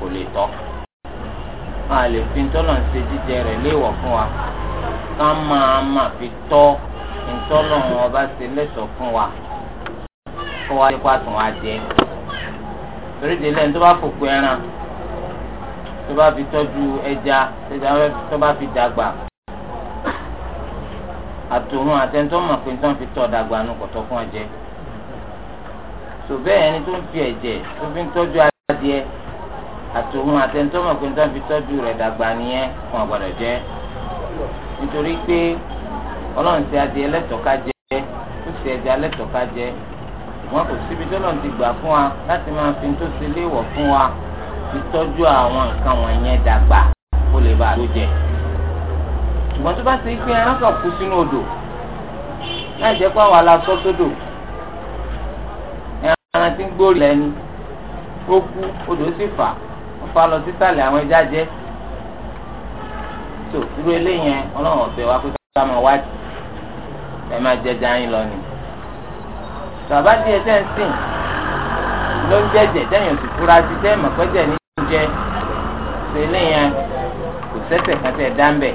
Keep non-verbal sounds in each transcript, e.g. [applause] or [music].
kò lè tọ́ máa lè fi ntọ́lọ̀ ń ṣe jíjẹ rẹ̀ léèwọ̀ fún wa ká máa máa fi tọ́ ntọ́lọ̀ wọn bá ṣe lẹ́sọ̀ fún wa kó wá nípa tún wá jẹ torí délẹ̀ ní tó bá fòkú ẹran tó bá fi tọ́jú ẹja tó bá fi dàgbà àtòrun àtẹnudọ́ mọ̀ pé nítorí fi tọ́ dàgbà nù kọ̀tọ́ fún ọjẹ́ tó bẹ́ẹ̀ ẹni tó ń fi ẹ̀jẹ̀ tó fi ń tọ́jú adìẹ àtòhun àtẹnudọ́mọ̀ pé nítorí fi tọ́jú rẹ̀ dàgbà nìyẹn fún àgbàdo jẹ́ nítorí pé ọlọ́run ti adìẹ lẹ́tọ̀ọ́ká jẹ́ ó sì ẹja lẹ́tọ̀ọ́ká jẹ́ wọn kò síbi tó lọ́n ti gbà fún wa láti máa fi tó ṣe léèwọ̀ fún wa fi tọ́jú àwọn nǹkan wọ̀nyẹn dàgbà kó lè bá a ló jẹ ṣùgbọ́n tó bá ṣe pé ẹran kan kú sínú odò láì jẹ́ pé àwọn aláṣọ sódò ẹran ti ń gbórí lẹ́ni ó kú odò sì fà á ọfà lọ sísàlẹ̀ àwọn ẹja jẹ́ tó irú eléyẹn ọlọ́run ọ̀sẹ̀ wa pé ká máa wá ẹ máa jẹjẹ ayin lọ ni bàbá díẹ̀ tẹ́ ń sìn ló ń jẹ́jẹ̀ tẹ́yìn òsì fura sí tẹ́ mọ̀kọ́jẹ̀ ní jẹ́ ṣe eléyẹn kò sẹ́sẹ̀ kan tẹ́ dá ń bẹ̀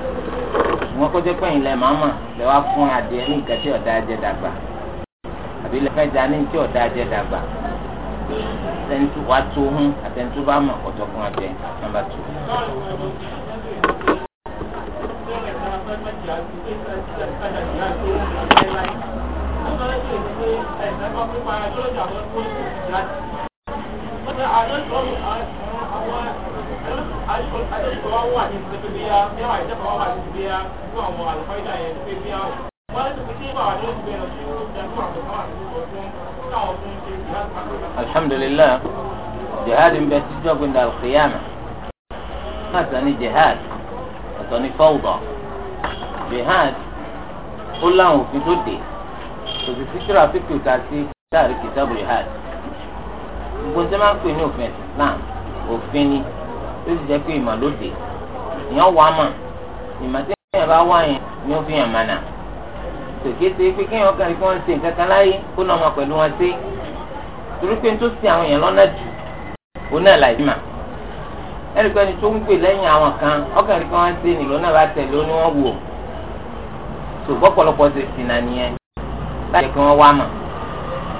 ṣùgbọ́n kó jẹ́ pẹ́yìn lẹ́ màmá lẹ́ wá fún adìẹ ní ìkẹ́tẹ́ ọ̀dà ajẹ́ dàgbà àbí lẹ́fẹ́ jẹ́ aníjẹ́ ọ̀dà ajẹ́ dàgbà sẹ́ńtù wá tó hún àtẹ̀ńtù bá mọ̀ ọ̀tọ̀ fún ọjẹ́ nọ́mbà tó àpò kan alhamdulilayi jihad ń bẹ títí ọgbìn dà alqiyama wọn àtọ ní jihad àtọ ní fawda jihad ó láwọn òfin tó dé òsì sísírà fíkì ká sí sáàrí kìtàbù jihad gbogbo tí wọn pè ní òfin islam òfin ni ó sì jẹ pé ìmọ̀ ló dé ìyẹn wàá mọ̀ ìmọ̀ tí wọn bá wá yẹn ni ó fi hàn mánà tòkè ṣe pé kéèyàn kàrí kí wọ́n ṣe nǹkan kan láyé kó náà mọ̀ pẹ̀lú wọn ṣe torí pé tó sin àwọn èèyàn lọ́nà jù òun náà láì mà ẹnìkan ẹni tó ń pè lẹ́yìn àwọn kan ọkàn rí kí wọ́n ṣe nìlọ náà bá tẹ̀lé ó ní wọ́n wò tó bọ́pọ̀lọpọ̀ ṣe sì nà nìyẹn láti kí wọ́n wá mà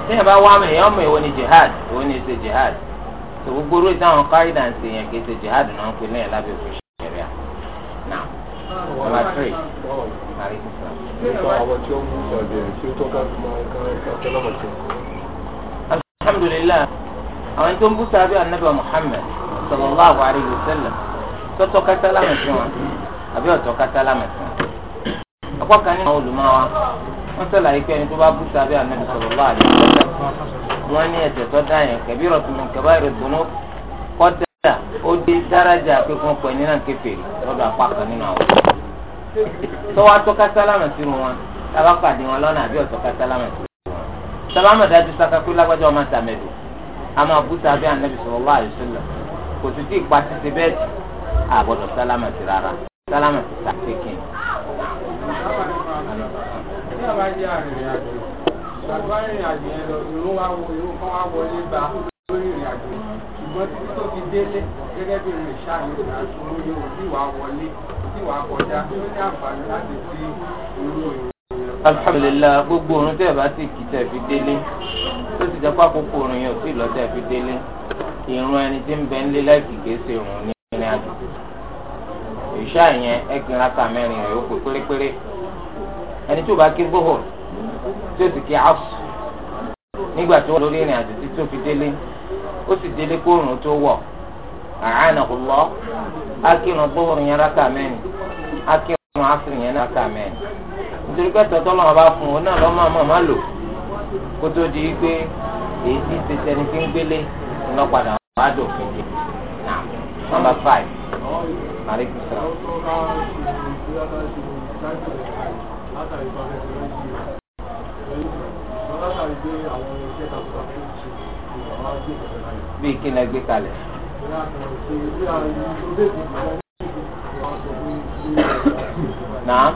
téèyàn bá wá mà èèyàn mọ̀ èwo ni jihad èwo ni ṣe jihad tó gbogbo orí táwọn kárí dà ń ṣe yẹn kì í ṣe jihad náà ń pè lẹ́yìn lábẹ́ òfin ṣẹ̀ríà náà number three àríkùsà alhamdulilayi àwọn tó ń bú sábẹ́ anabi muhammed sallallahu alayhi wa sallam tọ́tọ́ kátálà mẹ́sìn wọn àbí ọ̀tọ́ kátálà mẹ́sìn wọn. ọ̀pọ̀ kan nínú àwọn olùmọ̀wá wọ́n sọ̀làyé pé ẹni tó bá bú sábẹ́ anabi sallallahu alayhi wa sallam wọ́n ní ẹ̀ṣẹ̀ tó dá yẹn kẹ̀bí rọ̀tùmọ̀ kẹ̀bá ìrẹ̀dùnú kọ́tà ó dé dáradà pé fún ọkọ̀ ẹni náà kẹfẹ́ lọ́dọ̀ apá kan nínú àwọn olùmọ̀wá. tọ́wọ́ atọ́kátálà mẹ́sìn wọn tábà pàdé wọn lọ́nà àbí ọ̀tọ́ kátálà mẹ́sìn sábàmọ̀dá ti saka pé lágbájá ọmọ sàmẹ́dù àmọ́ àbúta bí anabi sallallahu alaihi wasallam kò sì tí ì pa títí bẹ́ẹ̀ tì àbọ̀dọ̀ sálámà ti rárá sálámà ti ta kékin. ṣùgbọ́n títí tó fi délé gẹ́gẹ́ bí ìrìn òbí wàá wọlé òbí wàá kọjá tó ní àǹfààní láti fi irú ìrìn. alhamdulilayi gbogbo orun tẹ́ ẹ bá sì kí tẹ́ fi délé tó sì jẹ́ àkókò orun yẹn sì lọ tẹ́ fi délé ìrun ẹni tí ń bẹ ń lé láìkì gèsè òun ní ìrìn àjò ìṣá yẹn ẹgbẹ̀rún ata mẹ́rin rẹ̀ ó pérépéré ẹni tó bá kí gbóhò tí ó sì kí áfù nígbà tí wọ́n lórí ìrìn àjò fi délé ó sì délé kó tó àánà kò lọ gbóhò yẹn yẹn nítorí pé ẹ̀sán tọ́lọ́ wọn bá fún un náà lọ́mọ àmọ́ má lò kó tó di pé èyí tí ṣe sẹni tí ń gbélé iná padà wà á dùn fún mi. nọ́mbà five maaleykum salaam. bí kí ni kalẹ̀ náà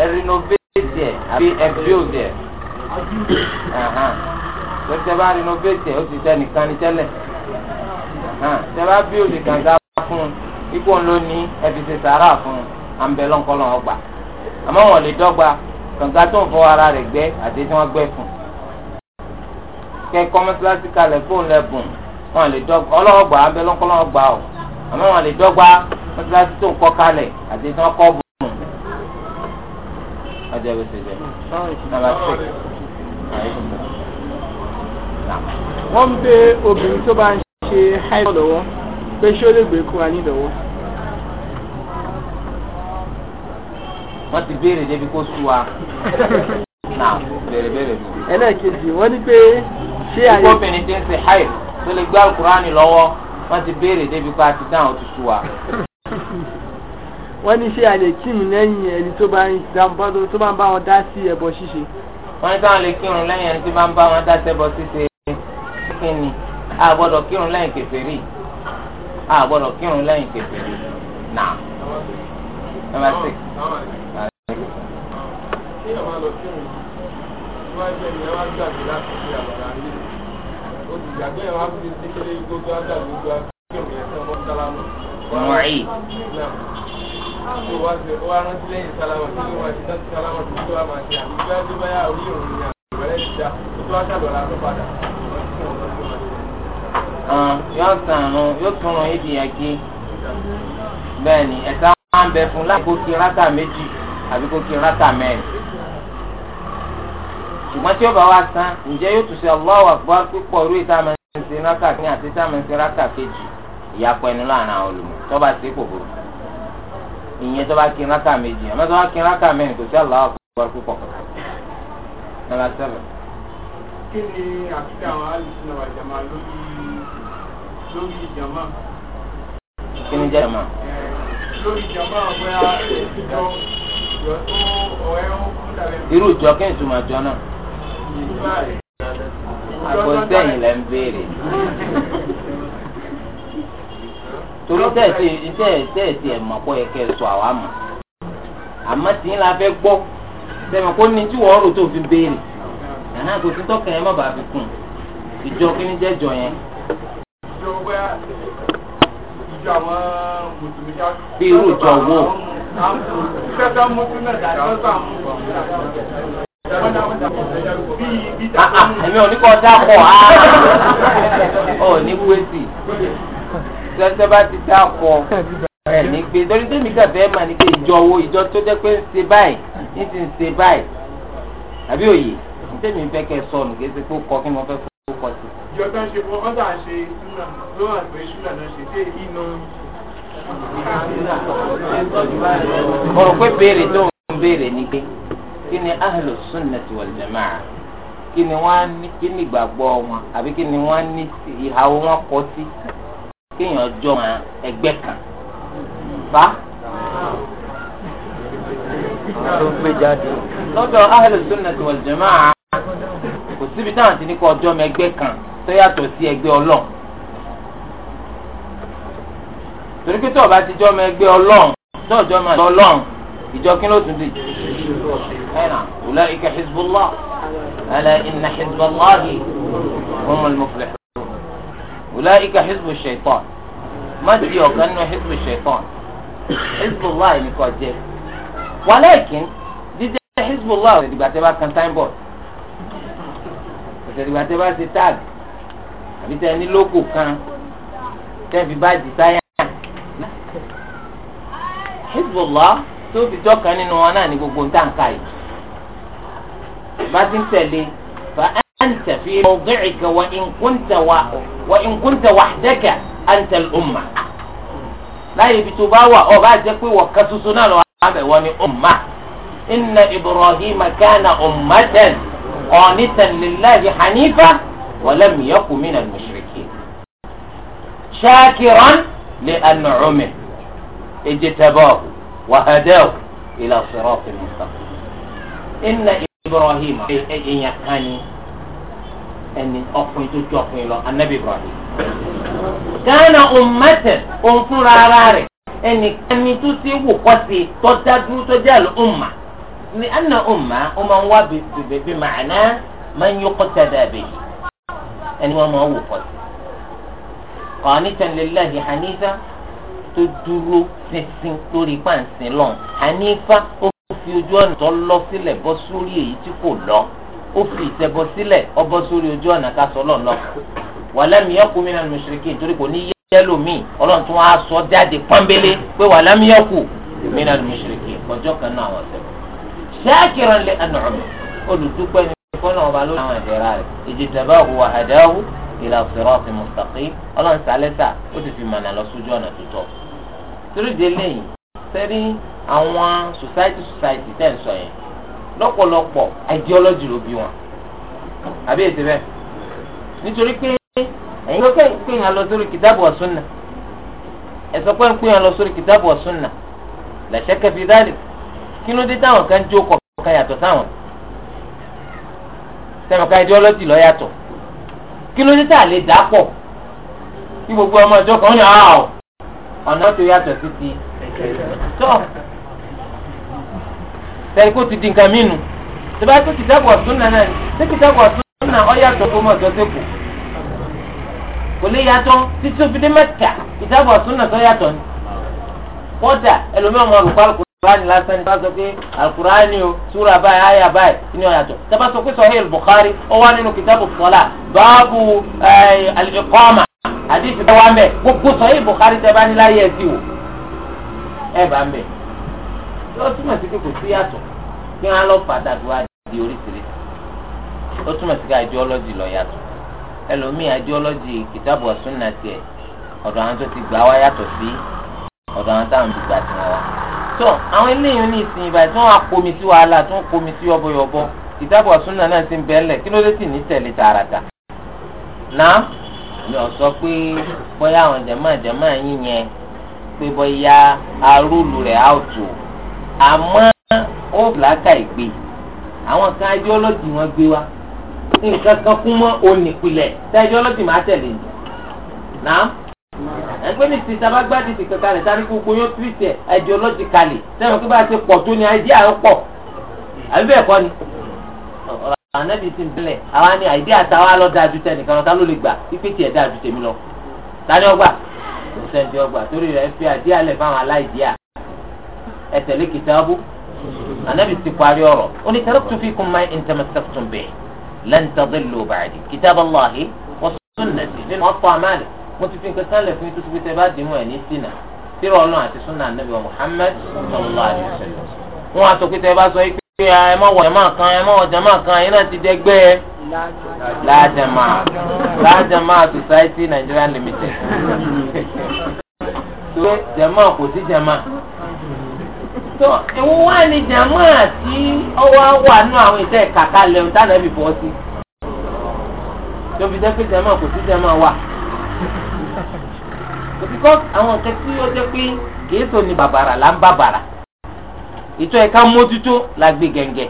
ẹ rinovate ẹ àbí ẹ build ẹ tẹ bá rinovate ẹ ó ti tẹ nìkan ní tẹ́lẹ̀ tẹ bá build gàgà fún ikú ń lò ní ẹ fi ṣe sàárà fún àǹbẹ̀lọ́nkọ́lọ́ ọgbà àmọ́ wọn lè dọ́gba kànga tó ń fọ ara rẹ̀ gbẹ́ àti tí wọ́n gbẹ́ fún un kẹ kọ́mọ́sílásí kalẹ̀ fóun lẹ́bùn wọn lè dọ́gba ọlọ́wọ́ gbà abẹ́lọ́kọ́lọ́wọ́ gbà ọ́ àmọ́ wọn lè dọ́gba mọ́tíláṣí tó ń kọ́ kalẹ̀ àti tí wọ́n kọ́ bù ún. ọjọ́ ìwé ṣẹjẹ nàbà tó wọ́n ń bẹ obìnrin tó bá ń ṣe háìlì lọ́wọ́ pé ṣé ó lè gbé kúra ní ìdọ̀wọ́. wọ́n ti béèrè débi kó sú wa náà béèrè béèrè mi. ẹlẹ́ẹ̀kejì wọ́n ní pé ṣé àyè. ìkọ́bìnrin ti ń ṣe háìlì tó lè gbé àlùkùránì lọ́wọ́ wọ́n ti béèrè débi pa ti dáhùn tuntun wa. wọ́n ní ṣé a lè kírun lẹ́yìn ẹni tó bá ń bá wọn dá sí ẹbọ ṣíṣe. wọ́n ní sáwọn lè kírun lẹ́yìn ẹni tó bá ń bá wọn dá sí ẹbọ ṣíṣe kíni a gbọ́dọ̀ kírun lẹ́yìn kèfèrí a gbọ́dọ̀ kírun lẹ́yìn kèfèrí náà. ṣé àwọn lọ kírun wájú ẹni ẹ wá gbàgbé láti mọ̀ọ́yì. yóò sàn án yóò tún un yídi yẹn kí bẹ́ẹ̀ ni ẹ̀ta máa ń bẹ fún láì kó kí rákà méjì àbí kó kí rákà mẹ́rin ṣùgbọ́n tí ó bá wá san ǹjẹ́ yóò tún ṣe Allahu Akbar pípọ̀ orí ìta máa ń ṣe rákà kí àti ìta máa ń ṣe rákà kejì ìyapọ̀ ẹnu láàrin àwọn olùmọ̀ tó bá ṣe kò burú ìyẹn tó bá kí rákà méjì àmọ́ tó bá kí rákà mẹ́rin kò sí Allahu Akbar pípọ̀ kankan. kí ni àtúntò àwọn alùpùpù náà jàmá lórí lórí jàmá. kí ni jẹ́ jàmá. lórí jàmá bóyá ìjọ ìjọ tó ọ̀rẹ́ ó kú dàbẹ́. irú ìjọ kí n túmọ̀ jọ náà. àgbọ̀nsẹ́yìn lẹ́ ń béèrè torí tẹ̀sí tẹ̀ tẹ̀sí ẹ̀ yẹ kẹ́ sọ àwa tí la fẹ́ gbọ́ sẹ́mi kó ní tí rò tó fi béèrè kò yẹn má bàa fi kùn ìjọ Ah, ah, èmi ò ní kọ́ dápọ̀ ọ̀ ah. [laughs] ní wẹ́sì tẹ́tẹ́ bá ti dápọ̀ ẹ̀ ní pé torí tèmi kà fẹ́ mà ní pé ìjọ wo ìjọ tó jẹ́ pé ń ṣe báyìí ń ti ń ṣe báyìí àbí òye tèmi fẹ́ kẹ́ sọnù kí ẹsẹ̀ pé ó kọ kí mo fẹ́ fọ́ kọ sí. ìjọ tó ń ṣe fún ọ́sà ṣe ṣúnà ló wà pé ṣúnà náà ṣe dé iná. mo rò pé béèrè tó ń béèrè ni pé kí ni ahlu sunnati wal jamaa kí ni wọ́n á ní kí ni ìgbàgbọ́ wọn àbí kí ni wọ́n á ní ìhàwó wọn kọ́ sí kéèyàn jọ wọn ẹgbẹ́ kan fa lọ́dọ̀ ahlu sunnati wal jamaa kò síbi táwọn ti ní kó ọjọ́ mi ẹgbẹ́ kan tó yàtọ̀ sí ẹgbẹ́ ọlọ́run torí pé tó o bá ti jọ́ mi ẹgbẹ́ ọlọ́run tó o jọ́ mi ọlọ́run ìjọ kí ló tún dì. هنا أولئك حزب الله ألا إن حزب الله هم المفلحون أولئك حزب الشيطان ما تجيه كأنه حزب الشيطان حزب الله نقول ولكن دي حزب الله دي بعتبر كان تايم بورد ìgbà tẹ bá ṣe tag àbí tẹ ní lóko kan tẹ fi bá di sáyà. Hezbollah tó fi jọ́ kan بعدين سألي فأنت في موضعك وإن كنت وإن كنت وحدك أنت الأمة لاي بتباوى أو بعد يكوي وكسوسنا واني أمة إن إبراهيم كان أمة قانتا لله حنيفة ولم يكن من المشركين شاكرا لأن لأنعمه اجتباه وهداه إلى صراط المستقيم إن Ibrahim èèyàn kan ni ẹni ọkùnrin tó ju ọkùnrin lọ anabi Ibrahim. gánà ummatan òun fúnra ara rẹ̀ ẹnìkan ni tó ti wò kọ́ sí tọ́já dúró tọ́já lọ umma ní àná umma ó máa ń wá bèbè màánà máa ń wò kọ́ sí. qanitan lillahi hanifa tó dúró sísìn lórí pàǹsìn lọ́n hanifa ó fi ojú ọ̀nà tó lọ sílẹ̀ bọ́ sórí èyí tí kò lọ ó fi ìtẹ̀bọ sílẹ̀ ọ bọ́ sórí ojú ọ̀nà ká sọ lọ́n lọ. walam yaku minal mushrikin torí kò ní yẹ́lò míì ọlọ́run tí wọ́n á sọ jáde pọ́nbélé pé walam yaku minal mushrikin kọjọ́ kan náà àwọn ọ̀sẹ̀. shakiran li an'ami olùdúpẹ́ ni fọ́nà ọba lórí àwọn sẹ́rí àwọn society society tẹ̀ ń sọ yẹn lọ́pọ̀lọpọ̀ ideology ló bí wọn àbí ètò bẹ́ẹ̀ nítorí pé ẹ̀yin ló fẹ́ẹ́ pè yàn lọ sórí kìtàbù wa sunna ẹ̀sọ́ pé yàn lọ sórí kìtàbù wa ka làṣẹ kẹfì dálì kí ló dé táwọn kan jó kọ̀ọ̀kan yàtọ̀ sáwọn sẹ́wọ̀n ideology yàtọ̀ kí ló dé tá a lè dà pọ̀ kí tẹ̀lé kó ti di nǹkan mí nu tẹ̀lé kó kìtàbù ọ̀túnà náà ni ṣé kìtàbù ọ̀túnà ọ yàtọ̀ tó mọ̀ ọ̀jọ́ sẹ́kù kò lè yàtọ̀ títí òfin dé mẹ́ta kìtàbù ọ̀túnà tó yàtọ̀ ni kọ́dà ẹlòmíràn mọ àlùkò alukurani lásán ní sọ pé alukurani o súra báyìí àyà báyìí ní ọ̀yà tó tẹ́ bá sọ pé sọ̀hìn Bukhari ó wà nínú kìtàbù sọ́lá báàbù eh, al-iqama àdìsí bá wà mẹ́ gbogbo sọ̀hìn Bukhari tẹ́ bá níláyé ẹ̀ sí o ẹ̀ bá mẹ́ ó túmọ̀ sí pé kò sí yàtọ̀ kí wọ́n á lọ padà tó wá di oríṣiríṣi ó túmọ̀ sí pé ideology lọ yàtọ̀ ẹlòmíì ideology kìtàbù ọ̀sùn náà tiẹ̀ ọ̀dọ̀ àwọn tó ti gbà wá yàtọ̀ sí ọ̀dọ̀ àwọn táwọn ti gbà tí wọ́n wá. tó àwọn eléyìí ní ìsìn ìbàdí tí wọ́n á komi sí wàhálà tí wọ́n komi sí yọ̀bọ̀yọ̀bọ̀ kìtàbù ọ̀sùn náà náà ti ń bẹ́ẹ̀lẹ̀ kí ló dé sì ní tẹ̀lé tààràtà. náà mi arúlù rẹ̀ áùtù àmọ́ ó làákà ìgbé àwọn kan ideology wọn gbé wa nǹkan kan kún mọ́ onípìlẹ̀ tá ideology máa tẹ̀lé ni náà ẹgbẹ́ ní ti sábà gbádùn ti kankan rẹ̀ sáré gbogbo yóò tírìtì ẹ̀ ideologically sẹ́wọ̀n kí bá a ṣe pọ̀ tó ni àìdí àwọn pọ̀ àbí bẹ́ẹ̀ kọ́ ni ànábì ti ń bẹ̀lẹ̀ àwa ni àìdí àtàwa lọ dáa ju tẹnìkan lọ ta ló lè gbà pípé tiẹ̀ dáa ju tèmi lọ tani ọgbà sẹ́ńtì ọgbà torí rẹ̀ fi àdí alẹ̀ fáwọn aláìdíà ẹ tẹ̀lé kìtàbù anabi ti parí ọ̀rọ̀ ó ní taraktu fikum ma in tamassaktum bihi lan tadillu ba'di kitaballahi wa sunnati nínú ọ̀pọ̀ àmàlẹ̀ mo ti fi nǹkan sálẹ̀ fún yín tó ti bá dì mú ẹ̀ ní sínà tírọ̀ ọlọ́run àti sunna anabi wa muhammad sallallahu alayhi wa sallam. wọn àtọ pé tẹ bá sọ yìí pé ẹ má wọ jàmá kan ẹ má wọ jàmá kan yín náà ti dẹgbẹ́ láàjàmá láàjàmá society nigeria limited. tó [laughs] jàmá kò sí jàmá. so ìwọ́n wá ní jàmọ́ àti ọwọ́ wà nù àwọn ìtẹ́ kàkà lẹ́wọ̀n táwọn ẹbí bọ́ sí. tóbi jẹ́ pé jàmọ́ kò sí jàmọ́ wà. òtítọ́ àwọn nǹkan tí ó jẹ́ pé kìí sọ ní bàbàrà là ń bàbàrà. ìtọ́ mójútó la gbé gẹ̀ǹgẹ̀.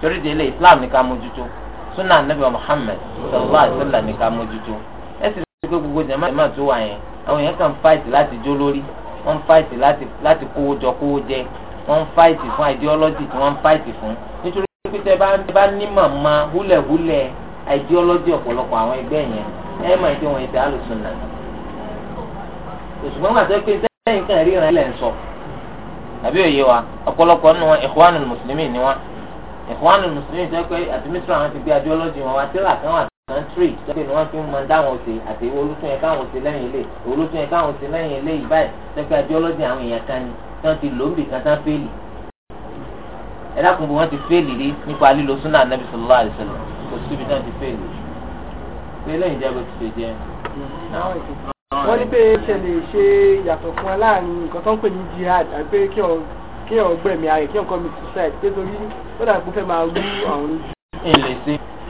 torí délé Islam ní ká mójútó sunna anabi Muhammad sallallahu alaihi ní ká i gbogbo jàmọ́ àti jàmọ́ wà yẹn fight láti jó lórí. wọ́n ń fáìtì láti láti kówó jọ kówó jẹ wọ́n ń fáìtì fún ideology tí wọ́n ń fáìtì fún nítorí pé tẹ bá bá ní màmá húlẹ̀húlẹ̀ ideology ọ̀pọ̀lọpọ̀ àwọn ẹgbẹ́ yẹn ẹ máa jẹ́ wọn ìdá àlùsùn náà òṣùgbọ́n gbàtọ́ pé sẹ́yìn kan ríran ilẹ̀ ń sọ àbí òye wa ọ̀pọ̀lọpọ̀ nínú wọn Ikhwanul Muslimin ni wọn Ikhwanul Muslimin jẹ́ pé àti mísírà wọn ti gbé ideology wọn wá tíra country sẹ́pẹ̀ ni wọ́n fi ń mọ dáwọn ọ̀sẹ̀ àti olùsọ̀yẹ káwọn ọ̀sẹ̀ lẹ́yìn ilé olùsọ̀yẹ káwọn ọ̀sẹ̀ lẹ́yìn ilé yìí báyìí sẹ́pẹ̀ ideology àwọn èèyàn kan ni tí wọ́n ti lò ń bì kan tán fẹ́ẹ̀lì ẹ dákun bí wọ́n ti fẹ́ẹ̀lì rí nípa lílo sunnah nabi sallallahu alayhi wa sallam kò síbi tí wọ́n ti fẹ́ẹ̀lì pé lẹ́yìn jẹ́ bó ti ṣe jẹ́. wọ́n ní pé ṣe lè ṣe yàtọ̀ fún wa láàrin nǹkan tó ń pè ní jihad àti pé kí ọ̀ gbẹ̀mí ara kí ọ̀ kọ́ mi suicide pé torí ó dàbí pé fẹ́ máa rú àwọn ojú.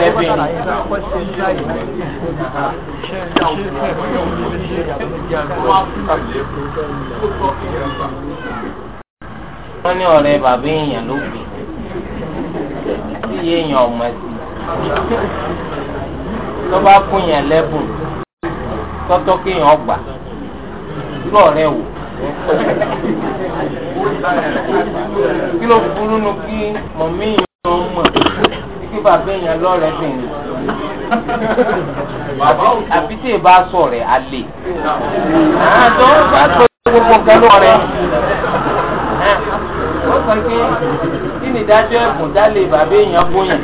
wọ́n ní ọ̀rẹ́ bàbá èèyàn ló gbìn tí èèyàn ọmọ ẹ̀sìn tó bá fún yẹn lẹ́bùn tọ́tọ́ kéèyàn gbà lọ́ọ̀rẹ́ wò kí ló burú nu kí mọ̀mí kí bàbá èèyàn lọ́rẹ̀ẹ́ bìn ní. àbí tí èèbá sọ rẹ̀ á lè. àtọ́ bá tó gbogbo kan lọ́rẹ̀. ó sọ pé kí ni ìdájọ́ ẹ̀bùn dálé bàbá èèyàn bóyàn.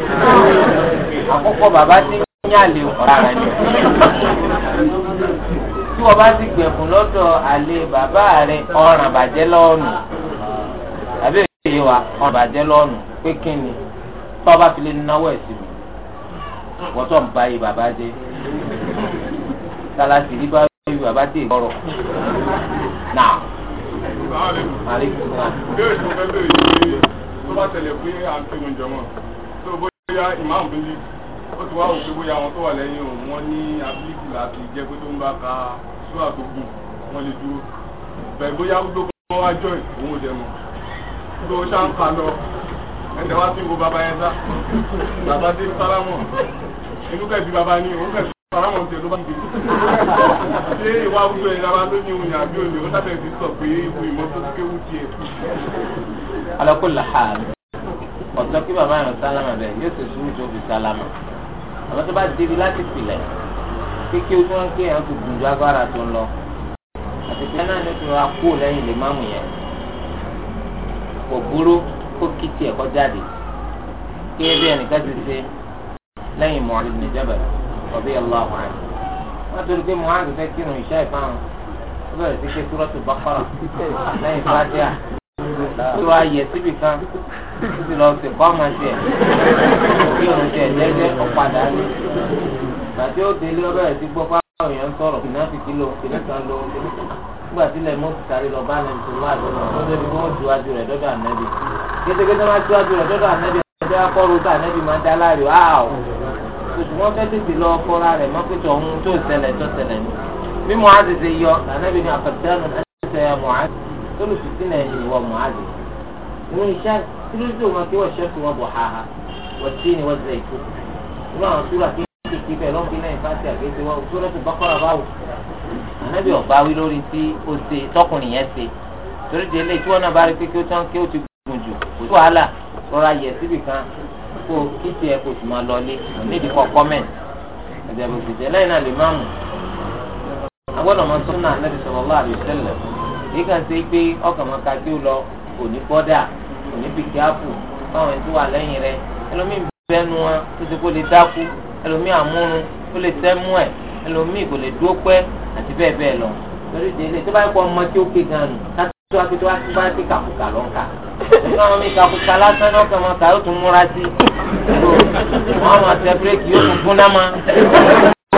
àkọ́kọ́ bàbá ti ń yàn lè ọ̀rá rẹ̀ ni. tí wọ́n bá ti gbẹ̀kùn lọ́dọ̀ àlè bàbá rẹ̀ ọ̀ràn bàjẹ́ lọ́ọ̀nù. àbí èyí wa ọ̀ràn bàjẹ́ lọ́ọ̀nù pé kí ni tọ́ba fi lè náwó ẹ̀ sí mi wọ́tọ̀ ń bá yìí bàbá dé tala sìrí bá yìí bàbá dé ìgbọ́rọ̀ náà. bẹ́ẹ̀ tó fẹ́ bẹ̀rẹ̀ yìí tó bá tẹ̀lé pé à ń pinnu jọmọ́ tó bóyá ìmáàmù méjì ó ti wá òfin bóyá àwọn tó wà lẹ́yìn o wọ́n ní abílíkù láti jẹ́ pé tó ń bá ka sóra tó wọ́n lè dúró bẹ́ẹ̀ bóyá ó dókòwò wájọ́ òun ò dẹ̀ mọ́ tó ṣá ń ka lọ ẹ̀dẹ̀ wá sí gbogbo bàbá yẹn sá bàbá dé sálámọ̀ inú kẹ̀sí bàbá ní òun kẹ̀sí sálámọ̀ ń tẹ̀ ló bá dé ṣé ìwà wúlò ẹ̀ lára ló ní òun yà bí òun látẹ̀ ti sọ pé ipò ìmọ́tò kéwú tiẹ̀. alọ́kùn làhà ọ̀tọ́ kí bàbá yẹn sálámà bẹ̀ yóò ṣe sùúrù tó fi sálámà àmọ́ tó bá débi láti pilẹ̀ kékeré tí wọ́n ń kéèyàn ti gùn ju agbára tó ń lọ àti pé náà ní fi wá kú lẹ́yìn lè má mú yẹn kò burú kó kí tiẹ̀ kọ́ jáde kí ebi ẹnìkan ti ṣe lẹ́yìn Mu'adh ibn Jabal radiyallahu anhu wọ́n torí pé Mu'adh fẹ́ kírun ìṣá ìfáwọn ó bẹ̀rẹ̀ sí ké Suratul Baqara lẹ́yìn fàtíà tó a yẹ síbi kan títí lọ sí bọ́ọ̀mà tiẹ̀ kí òun tiẹ̀ jẹ́jẹ́ ọ̀padà ni gbàtí ó délé ó bẹ̀rẹ̀ sí gbọ́ fáwọn èèyàn sọ̀rọ̀ kìnnàfìkì ló kìnnìkan ló kìnnìkan nígbà tí ilẹ̀ mọ́tò lọ bá kété kété wọn ti wájú rẹ lọ́dọ̀ ànábì ẹgbẹ́ akọrù tó ànábì máa ń dá láàrè wá o ṣùgbọ́n fẹ́ tètè lọ kọ́ra rẹ̀ mọ́ pé tọ̀hún tó ṣẹlẹ̀ tó ṣẹlẹ̀ ni bí Mu'adh ṣe yọ ànábì ní àfẹsẹ̀rù ẹ̀ṣẹ̀ ya Mu'adh tó lù sí sílẹ̀ ìwọ Mu'adh inú iṣẹ́ kílódé wọn kí wọ́n ṣẹ́kù wọn bọ̀ haha wọ́n tí ni wọ́n zẹ̀ ètò inú àwọn sùúrà kéékèèké bẹ́ẹ̀ lọ́kùnrin náà ìfásitì àgbẹ̀sẹ̀ wọn sùúrà tó bọ́kọ́ra báwò ànábì ọ̀báwí lórí tí ó ṣe tọkùnrin yẹn ṣe torí de ilé tí wọn náà bá rí pé kí ó tán kí ó ti jù kó sí wàhálà rọra yẹ síbì kan kó kí tiẹ̀ kó sì máa lọlé onídìí kọ́ kọ́mẹ̀ntì ìjẹ̀bù ìjẹ̀ lẹ́yìn náà lè má mú. agbọ́dọ̀ máa tún náà lẹ́bi sọ̀rọ̀ lọ́wọ́ àbí sẹ́lẹ̀ èyí kan ṣe pé ọkàn máa ka kí ó lọ kò ní bọ́dà kò ní bìkì ápù báwọn ẹni tó wà lẹ́yìn rẹ ẹlòmíì bẹ́nu wọn tó ṣe kó lè dákú ẹlòmíì àmúrun ó lè sẹ́mú ẹ̀ ẹlòmíì kò lè dúró pẹ́ àti bẹ́ẹ̀ bẹ́ẹ̀ lọ torí délé tó bá yẹ kó ọmọ tí ó ké gan tí wọ́n ti tó wá sí máa ń kíkà kúkà lọ́kà tí wọ́n mi kà kúkà lásán náà kàn máa kà yóò tún múra sí i wọ́n máa tẹ bírèkì yóò tún gúnná ma wọ́n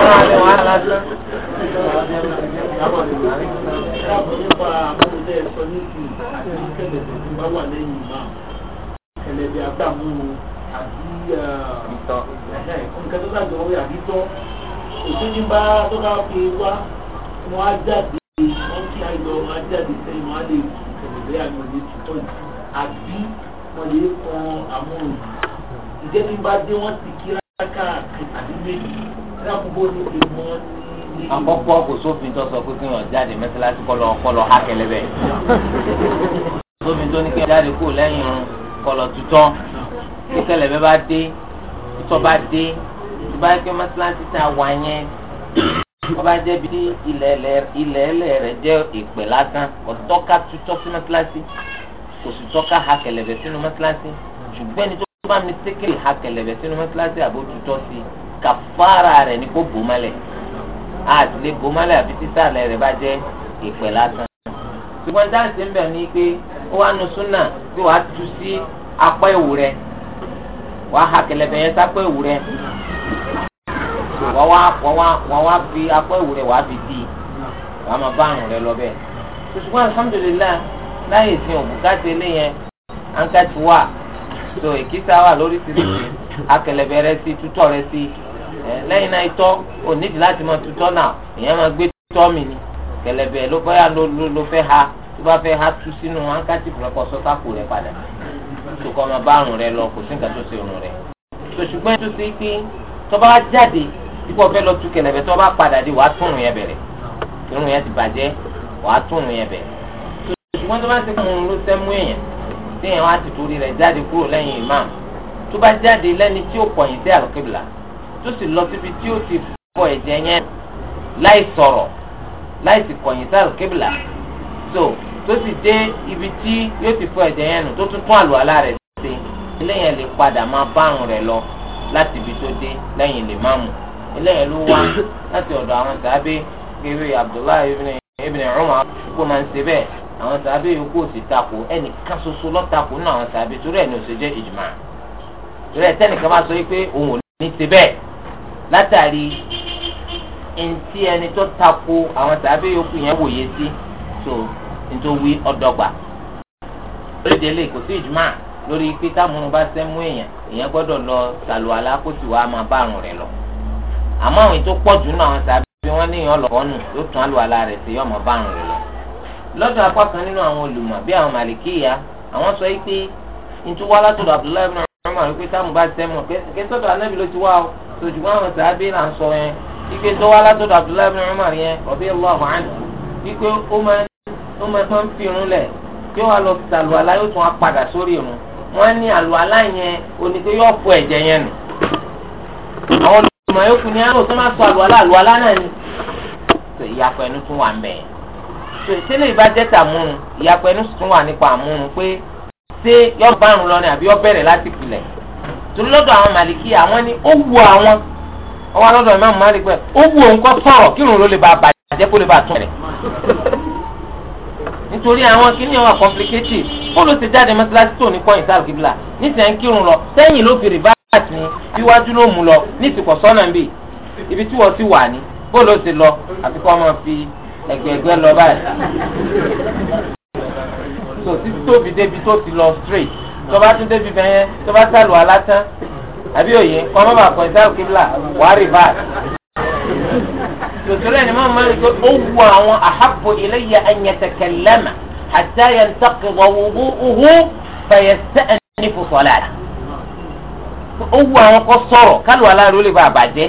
máa tẹ wàhálà lásán. Kẹlẹ̀dẹ̀ agbàmú àbí nǹkan tó dàgbà wọ́n yà bí tọ́. Òtún ní bá tó ká fi wá, wọ́n á jáde wọ́n lọ wọ́n jáde sẹ́yìn wọ́n á lè sọ̀rọ̀ lẹ́yà ní ọdún tó pọ̀ jù àbí wọ́n lè kan àwọn òyìn ìjẹ́ bí bá dé wọ́n ti kí rákà àbí méjì lábúgbó ló fi mọ́ ní. àkọ́kọ́ kò sófin tó sọ pé kí wọ́n jáde mẹ́sàlásí kọ́ lọ kọ́ lọ hákẹ́lẹ́ bẹ́ẹ̀. sófin tó ní kí wọ́n jáde kú lẹ́yìn kọ́ lọ tutọ́ kí kẹlẹ́bẹ́ bá dé tó bá dé tó bá yẹ kí mẹ́sàlásí tá a wà yẹn ọba jẹ́ bí ilẹ̀ ẹlẹ́ rẹ̀ jẹ́ ìpè lásán ọ̀tọ́ka tutọ́ sí mọ́tíláṣí kò sì tọ́ka ha kẹlẹ̀bẹ̀ sínú mọ́tíláṣí ṣùgbọ́n ẹni tó bá mi sékèlè ha kẹlẹ̀bẹ̀ sínú mọ́tíláṣí àbó tutọ́ sí kàfàrà rẹ̀ ní kó bò mọ́lẹ̀ àti lè bò mọ́lẹ̀ àfi bá jẹ́ ìpè lásán. ṣùgbọ́n dáǹsì ń bẹ̀ ní pé ó wá nu súnà bí wàá tu sí apá ìwù rẹ̀ wàá ha yẹn sápá ìwù rẹ̀ wọ́n wá wọ́n wá wọ́n wá fi akọ ìwò rẹ̀ wàá fi di wàá máa bá àrùn rẹ̀ lọ bẹ́ẹ̀. ṣùgbọ́n alhamdulilayi láyé ìsìn òbúkátẹ ilé yẹn ankachi wà so èkìtà wà lórí tìrìtì akẹlẹbẹ rẹ sí tútọ rẹ sí lẹ́yìn náà itọ́ ò nídìí láti máa tutọ náà ìyẹn máa gbé tọ́ mi ni kẹlẹbẹ ló bá yà ló fẹ́ ha tó bá fẹ́ ha tú sínú ankachi rẹ kọ sọ́sákò rẹ padà sokọ ọmọ bá àrùn rẹ lọ kò sí nǹkan tó ṣe òrùn rẹ. sòṣùgbọ́n tó ṣe pé tọ́ba jáde ipò ọ̀fẹ́ lọ tú kẹlẹ̀bẹ̀ tó bá padà dé wàá túnrun yẹn bẹ̀rẹ̀ irun yẹn ti bàjẹ́ wàá túnrun yẹn bẹ̀rẹ̀ ṣùgbọ́n tó bá ti kún un ló sẹ́mú èèyàn tí èèyàn wá ti torí rẹ̀ jáde kúrò lẹ́yìn imam tó bá jáde lẹ́ni tí ó kọ̀yìn sí àlùkébìlà tó sì lọ síbi tí ó ti fọ ẹ̀jẹ̀ yẹn láì sọ̀rọ̀ láì sì kọ̀yìn sí àlùkébìlà so tó sì dé ibi tí yóò ti fọ ẹ̀jẹ̀ yẹn nù tó tún tún àlùwàlá rẹ̀ ṣe eléyàn lè padà máa bá àrùn rẹ̀ lọ láti ibi tó dé lẹ́yìn lè máàmù eléyìí ló wá láti ọ̀dọ̀ àwọn sàábé gbèrè abdullahi ibn umar kó máa ń ṣe bẹ́ẹ̀ àwọn sàábé yòókù òsì takò ẹnì kan ṣoṣo lọ́tàkò nínú àwọn sàábé torí ẹni òsè jẹ́ ìjùmọ̀ torí ẹ tẹ́nìkan bá sọ pé òun ò ní ṣe bẹ́ẹ̀ látàrí ntí ẹni tó takò àwọn sàábé yòókù yẹn wòye sí tó nítorí ọ̀dọ́gba lórí ìdílé kò sí ìjùmọ̀ lórí pé táwọn ọmọ bá sẹ́mú èèyàn èèyàn gbọ́dọ̀ lọ sàlùwàlá kó sì wá máa bá àrùn rẹ̀ lọ àmọ́ àwọn ètò pọ̀ jù náà tàbí bí wọ́n ní ìyàn lọ́wọ́ nù yóò tún àlùwàlá rẹ̀ sí yọmọ bárùn rẹ̀ lọ. lọ́dọ̀ apá kan nínú àwọn olùmọ̀ bí àwọn màlìkíyà àwọn sọ pé ntúwá látọ̀dọ̀ Abdullahi ibn Umar wípé táwọn bá sẹ́mu kẹsọ́dọ̀ anábì ló ti wá o sojúgbọ́n àwọn sàábì là ń sọ yẹn wípé ntúwá látọ̀dọ̀ Abdullahi ibn Umar yẹn radiyallahu anhu wípé ó máa tán fi irun lẹ̀ kí wọ́n lọ sàlùwàlá yóò tún apàdà sórí irun wọ́n ní àlùwàlá ìmọ̀ yóò fún ní àlọ́ tó máa sọ àlùwalá àlùwalá náà ni. tó ìyàpọ̀ ẹnu tún wà mẹ́ẹ̀. tó ìṣẹ̀lẹ̀ ìbàjẹ́ tàmúrun ìyàpọ̀ ẹnu tún wà nípa àmúrun pé ṣé yọ bárun lọ ni àbí yọ bẹ̀rẹ̀ láti pilẹ̀. torí lọ́dọ̀ àwọn màlìkí àwọn ni ó wu àwọn ọwọ́ lọ́dọ̀ ìmáàmù Málíkì pé ó wu òun kọ́ sọ̀rọ̀ kírun ló lè ba bàjẹ́ kó lè ba tún rẹ̀. [laughs] nítorí àwọn kìíní wà complicated ó ló ti jáde mọ́tíláṣí tó ní pọ́ìntì àlùkìbìlà nísìnyí kírun lọ sẹ́yìn ló fi rìbá sọ́láàtì ni iwájú ló mú lọ ní ìsìnkọ̀ sọ́nà ń bì ibi tí wọ́n ti wà ní bó ló ti lọ àti kó máa fi ẹgbẹ̀ẹ̀gbẹ́ lọ báyìí. so títí tóbi débi tó ti lọ straight tọba tún débi bẹ́ẹ̀ yẹn tọba sálù alátán àbí òye kọ́ mọ́ bàa pọ̀n sáà wàá rí báyìí. tòtòrò ẹni máa ń mọ́lẹ̀ pé ó wu àwọn àhàbò iléyà ẹ̀yẹ̀tẹ̀kẹ̀lẹ́mà àti ẹ̀yẹ̀ ń tọ́kì wọ́wọ́ ó wù àwọn kọ́ sọ̀rọ̀ kálù aláàrú lè bá a bàjẹ́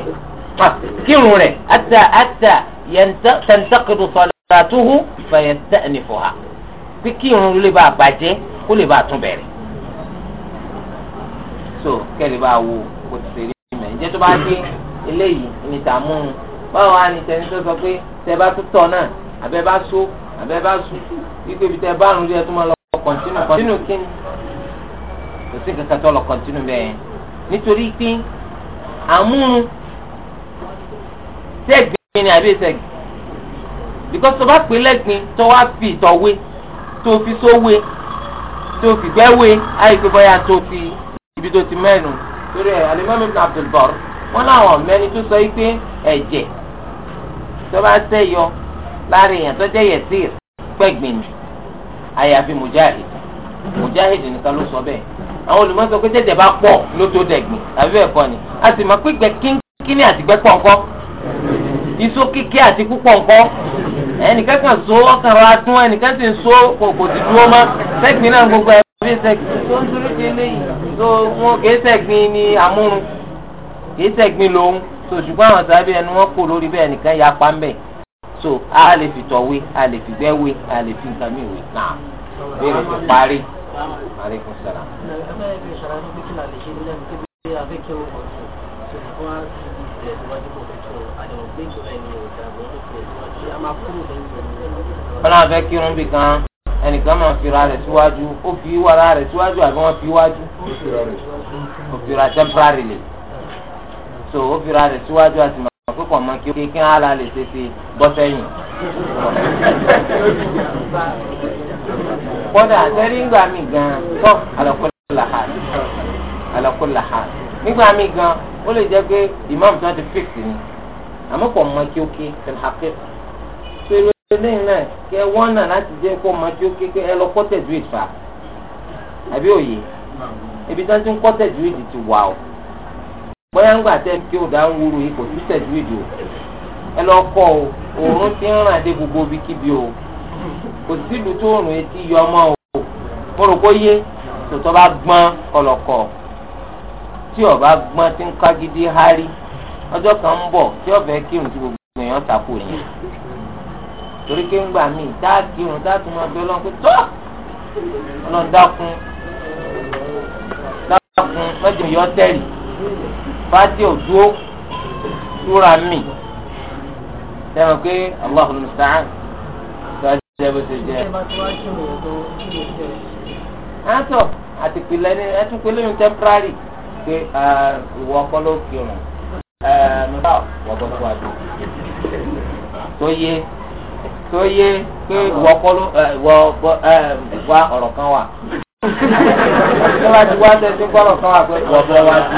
kírun rẹ̀ ata ata tẹ̀ntẹ́kìtù sọ̀làtúhù fẹ̀yẹ̀ntẹ́ ẹnìfọ̀hà pé kírun lè bá a bàjẹ́ kó lè bá a tún bẹ̀rẹ̀. so kẹ́lẹ́ bá a wo kò ti ṣe rí mẹ́ ǹjẹ́ tó bá dé eléyìí ní tààmú báwo wá ní tẹni tó sọ pé tẹ bá tún tọ̀ náà àbẹ bá so àbẹ bá so wípé ibi tẹ bá rùn rí ẹ tó máa lọ kọ̀ntínú kọ̀ntínú kí ni kò sí kankan tó lọ kọ̀ntínú bẹ́ẹ̀ yẹn nítorí pé àmúrun sẹ́gbìn ni àbí sẹ́gbìn because tó bá pè lẹ́gbìn tó wá fi ìtọ̀wé tó fi sówé tó fi gbẹ́wé àìpé bọ́yá tó fi ibi tó ti mẹ́nu torí ẹ̀ alimami ibn abdulbar wọn làwọn mẹ́ni tó sọ yìí pé ẹ̀jẹ̀ tó bá sẹ́yọ láàrin èèyàn tó jẹ́ yẹ̀sír pẹ́gbìn ni àyàfi mujahid mujahid nìkan ló sọ bẹ́ẹ̀ àwọn olùmọ̀sọ pé tẹ̀tẹ̀ bá pọ̀ ló tó dẹ̀gbìn àbí bẹ́ẹ̀ kọ́ ni a sì mọ̀ pé gbẹ kínkínní àti gbẹ pọ̀ ńkọ́ iṣó kíkẹ́ àti púpọ̀ ńkọ́ ẹnìkan kan so ọkàn ra tún ẹnìkan sì ń so kòkò ti dúró mọ́ sẹ́gbìn náà gbogbo ẹ̀ bí sẹ́gbìn tó ń dúró di eléyìí tó wọn kì í sẹ́gbìn ni àmúrun kì í sẹ́gbìn lòun so ṣùgbọ́n àwọn sábẹ́ ẹnu wọn kò lórí bẹ́ẹ̀ nìkan yapa ń bẹ̀ so a lè fi tọ̀wé a lè fi gbẹ́wé a lè fi nǹkan mìíràn náà bí o ti parí aleykum salaam. ẹgbẹ́ mi sọ̀rọ̀ ní pé kí la lè ṣe nílẹ̀ ní pé bí a fẹ́ kí o mọ̀ sí ṣùgbọ́n wá sí ibi ìṣẹ̀lẹ̀ níwájú kò fẹ́ tó àyẹ̀wò gbé ìṣẹ̀lẹ̀ ní ìdàgbọ́ kírun bí kan ẹnìkan máa fira rẹ̀ síwájú ó fi wàrà rẹ̀ síwájú àbí wọ́n fi wájú ó fira temporarily so ó fira rẹ̀ síwájú àti màá pé kàn máa kí kí kí lè ṣe ṣe bọ́ sẹ́yìn. [laughs] kọ́dà àtẹ́rí ńgbà mí gan-an tọ́ àlọ́kọ́lá ha àlọ́kọ́lá ha nígbà mí gan ó lè jẹ́ pé imam tó ti fix ni àmọ́ kò mọ kí ó ké fẹ́lẹ́hàpẹ́ pẹ̀lú eléyìí náà kẹ wọ́n náà láti jẹ́ kó mọ kí ó ké kẹ ẹ lọ kọ́ tẹ̀jú ìfà àbí òye ibi tí wọ́n ti ń kọ́ tẹ̀jú ìdì ti wà o bóyá ńgbà tẹ́ kí ó dá ń wúru yìí kò sí tẹ̀jú ìdì o ẹ lọ kọ́ o òórùn ti ń ràn dé gbogbo ibikíbi o kò sílùú tó rùn etí yọ ọmọ o mo rò kó yé tòtọ́ bá gbọ́n kọlọ̀kọ̀ tí ọba gbọ́n ti ń kágídí hárí ọjọ́ kan ń bọ̀ tí ọbẹ̀ kírun tí gbogbo èèyàn tako yẹn torí ké ń gbà mí tá a kírun tá a tún máa bẹ ọlọ́run pé tó ọlọ́run dákun dákun mẹ́jọ yọ tẹ́lì fàtí òdúró túra mí sẹ́wọ̀n pé Allahu musta'an jẹ́bù ti jẹ́. àtọ̀ àti pìlẹ̀ ní ẹ tún pìlẹ̀ ní tẹ́mpírárì pé ìwọ ọpọlọ kírun nígbà wọ́pọ̀ tó wájú. tó yé tó yé pé ìwọ ọpọlọ ìwọ wá ọ̀rọ̀ kan wà. tó bá ti wá tẹ̀sí gbọ́dọ̀ kan wà pé ìwọ bọ́ wájú.